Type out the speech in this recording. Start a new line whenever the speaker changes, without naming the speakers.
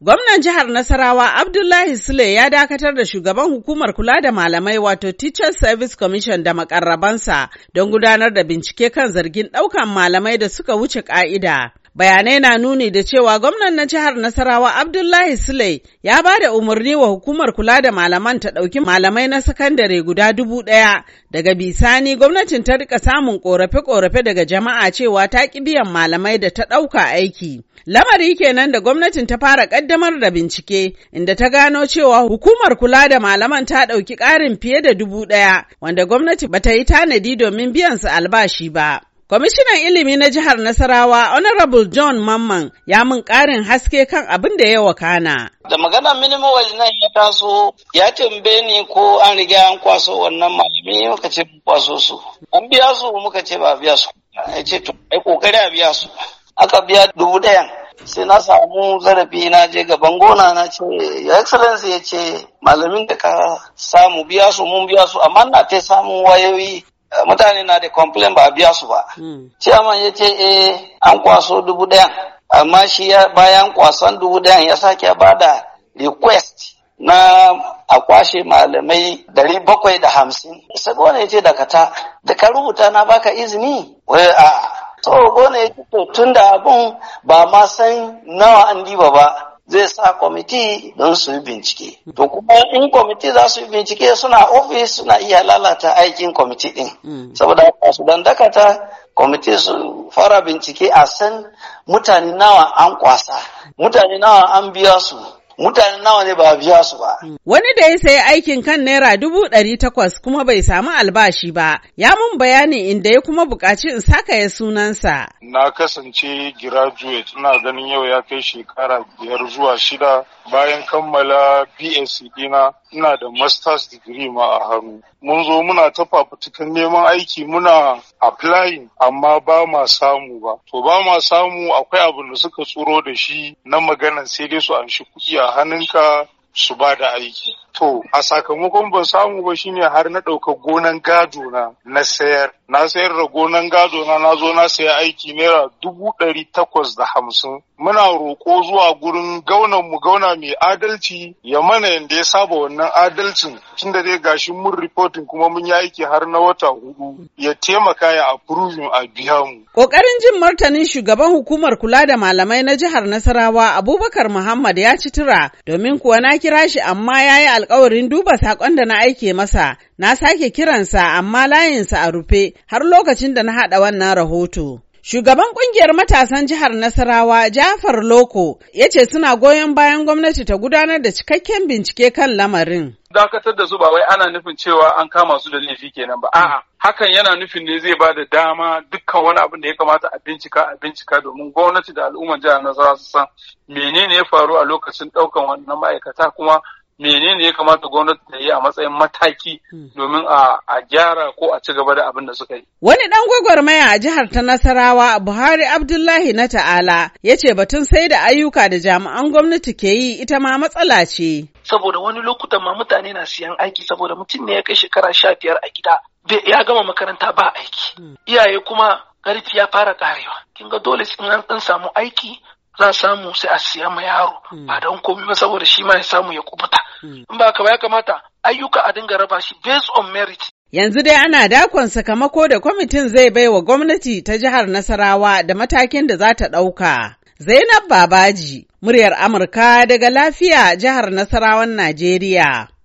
Gwamnan jihar Nasarawa Abdullahi Sule ya dakatar da shugaban hukumar kula da malamai wato Teachers Service Commission da makarrabansa don gudanar da bincike kan zargin ɗaukan malamai da suka wuce ƙa'ida. Bayanai na nuni da cewa gwamnan na jihar Nasarawa Abdullahi Sulai ya ba da umarni wa hukumar kula da malaman ta ɗauki malamai na sakandare guda dubu ɗaya. Daga bisani gwamnatin ta rika samun korafe-korafe daga jama'a cewa ta ƙi biyan malamai da ta ɗauka aiki. Lamari kenan da gwamnatin ta fara ƙaddamar da bincike inda ta gano cewa hukumar kula da malaman ta ɗauki ƙarin fiye da dubu ɗaya wanda gwamnati bata yi tanadi domin biyan su albashi ba. Kwamishinan ilimi na jihar Nasarawa Honorable John Mamman ya mun ƙarin haske kan abin da ya wakana.
Da magana minimum wage nan ya taso ya tambaye ni ko an riga an kwaso wannan malami muka ce kwaso su. An biya su muka ce ba biya su. Ya ce to ai kokari a biya su. Aka biya dubu ɗayan. Sai na samu zarafi na je gaban gona na ce ya excellence ya ce malamin da ka samu biya su mun biya su amma na ta samun wayoyi Eh, mutane na da complain ba a biya su ba hmm. chairman ya ce eh an kwaso dubu ɗayan amma shi bayan kwasan dubu ɗayan ya sake ba da request na a kwashe malamai dari bakwai da hamsin sai gona ya ce dakata da ka rubuta na baka izini wai a to gona ya ce to tun da abun ba ma san nawa an diba ba zai sa kwamiti don su yi bincike. To kuma in kwamiti za su yi bincike suna ofis suna iya lalata aikin kwamiti din. Hmm. Saboda haka su dan dakata kwamiti su fara bincike a san mutane nawa an kwasa, mutane nawa an biya su. mutane nawa ne ba biya su ba.
Wani da ya sayi aikin kan naira dubu ɗari takwas kuma bai samu albashi ba, ya mun bayani inda ya kuma buƙaci in saka ya sunansa.
Na kasance graduate ina ganin yau ya kai shekara biyar zuwa shida bayan kammala B.S.C dina. ina da masters degree ma a hannu mun zo muna ta fafutukan neman aiki muna applying amma ba ma samu ba to ba ma samu akwai abin da suka tsoro da shi na maganan sai dai su shi kuɗi a hannunka su ba da aiki To, a sakamakon ban samu ba shine har na ɗauka gonan gado na na sayar. Na sayar da gonan gado na na zo na saya aiki naira dubu ɗari takwas da hamsin. Muna roƙo zuwa gurin gaunan mu gauna mai adalci ya mana yanda ya saba wannan adalcin tun da dai gashi mun ripotin kuma mun yi aiki har na wata hudu ya taimaka ya approving a biya mu.
Ƙoƙarin jin martanin shugaban hukumar kula da malamai na jihar Nasarawa Abubakar Muhammad ya ci tura domin kuwa na kira shi amma ya yi alkawarin duba sakon da na aike masa, na sake kiransa amma layinsa a rufe har lokacin da na haɗa wannan rahoto. Shugaban kungiyar matasan jihar Nasarawa Jafar Loko ya ce suna goyon bayan gwamnati ta gudanar da cikakken bincike kan lamarin.
Dakatar da su ba wai ana nufin cewa an kama su da laifi kenan ba. A'a, hakan yana nufin ne zai ba da dama dukkan wani abin da ya kamata a bincika a bincika domin gwamnati da al'ummar jihar Nasarawa su san menene ya faru a lokacin ɗaukan wannan ma'aikata kuma menene ya kamata gwamnati ta yi a matsayin mataki hmm. domin a gyara ko a ci gaba da abin da suka yi.
Wani ɗan gwagwarmaya a jihar ta Nasarawa Buhari Abdullahi na ta'ala ya ce batun sai da ayyuka da jami'an gwamnati ke yi ita ma matsala ce.
Saboda wani lokutan ma mutane na siyan aiki saboda mutum ne ya kai shekara sha biyar a gida ya gama makaranta ba aiki. Hmm. Iyaye kuma karfi ya fara karewa. Kin ga dole in an samu aiki za samu sai a siya ma yaro hmm. ba don komai ba saboda shi ma ya samu ya kubuta in ba ka ba ya kamata ayyuka a dinga raba shi based on merit
Yanzu dai ana dakon sakamako da kwamitin zai bai wa gwamnati ta jihar Nasarawa da matakin da za ta ɗauka. Zainab Babaji, muryar Amurka daga lafiya jihar Nasarawan Najeriya.